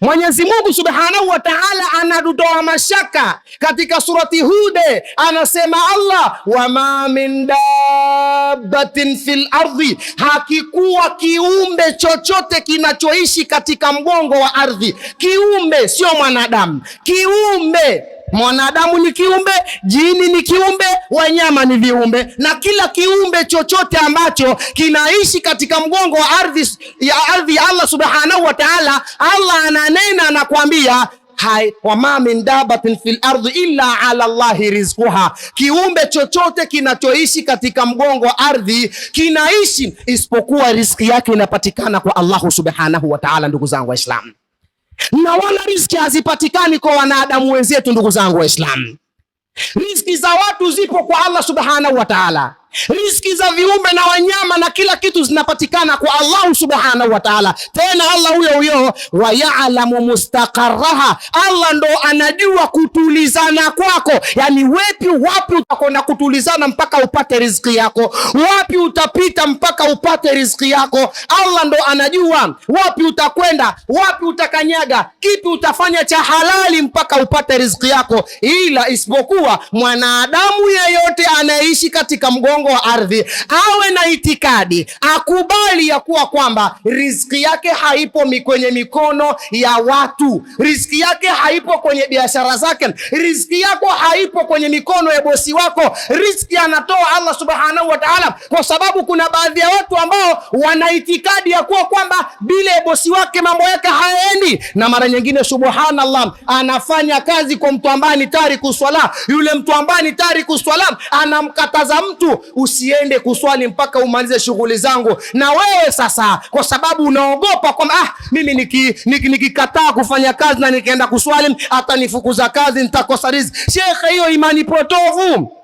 Mwenyezi Mungu Subhanahu wa Ta'ala anatutoa mashaka katika surati Hude, anasema Allah, wama min dabbatin fil ardhi, hakikuwa kiumbe chochote kinachoishi katika mgongo wa ardhi. Kiumbe sio mwanadamu, kiumbe Mwanadamu ni kiumbe, jini ni kiumbe, wanyama ni viumbe, na kila kiumbe chochote ambacho kinaishi katika mgongo wa ardhi ya ardhi ya Allah subhanahu wa ta'ala, Allah ananena, anakuambia Hai, wama min dabatin fil ardi illa ala llahi rizquha, kiumbe chochote kinachoishi katika mgongo wa ardhi kinaishi isipokuwa riziki yake inapatikana kwa Allahu subhanahu wa ta'ala. Ndugu zangu Waislamu, na wala riziki hazipatikani kwa wanadamu wenzetu. Ndugu zangu Waislamu, riziki za watu zipo kwa Allah subhanahu wa taala. Riziki za viumbe na wanyama na kila kitu zinapatikana kwa Allahu subhanahu wa taala. Tena Allah huyo huyo wayalamu mustakaraha Allah ndo anajua kutulizana kwako, yani wepi, wapi utakwenda kutulizana mpaka upate riziki yako, wapi utapita mpaka upate riziki yako. Allah ndo anajua wapi utakwenda, wapi utakanyaga, kipi utafanya cha halali mpaka upate riziki yako, ila isipokuwa mwanadamu yeyote anayeishi katika mgongo mgongo wa ardhi, awe na itikadi, akubali ya kuwa kwamba riziki yake haipo kwenye mikono ya watu, riziki yake haipo kwenye biashara zake, riziki yako haipo kwenye mikono ya bosi wako. Riziki anatoa Allah subhanahu wa ta'ala, kwa sababu kuna baadhi ya watu ambao wana itikadi ya kuwa kwamba bila bosi wake mambo yake hayaendi, na mara nyingine subhanallah, anafanya kazi kwa mtu ambaye ni tariku swala, yule mtu ambaye ni tariku swala anamkataza mtu usiende kuswali mpaka umalize shughuli zangu. Na wewe sasa, kwa sababu unaogopa kwamba ah, mimi nikikataa niki, niki kufanya kazi na nikaenda kuswali atanifukuza kazi, nitakosa riziki. Shekhe, hiyo imani potovu.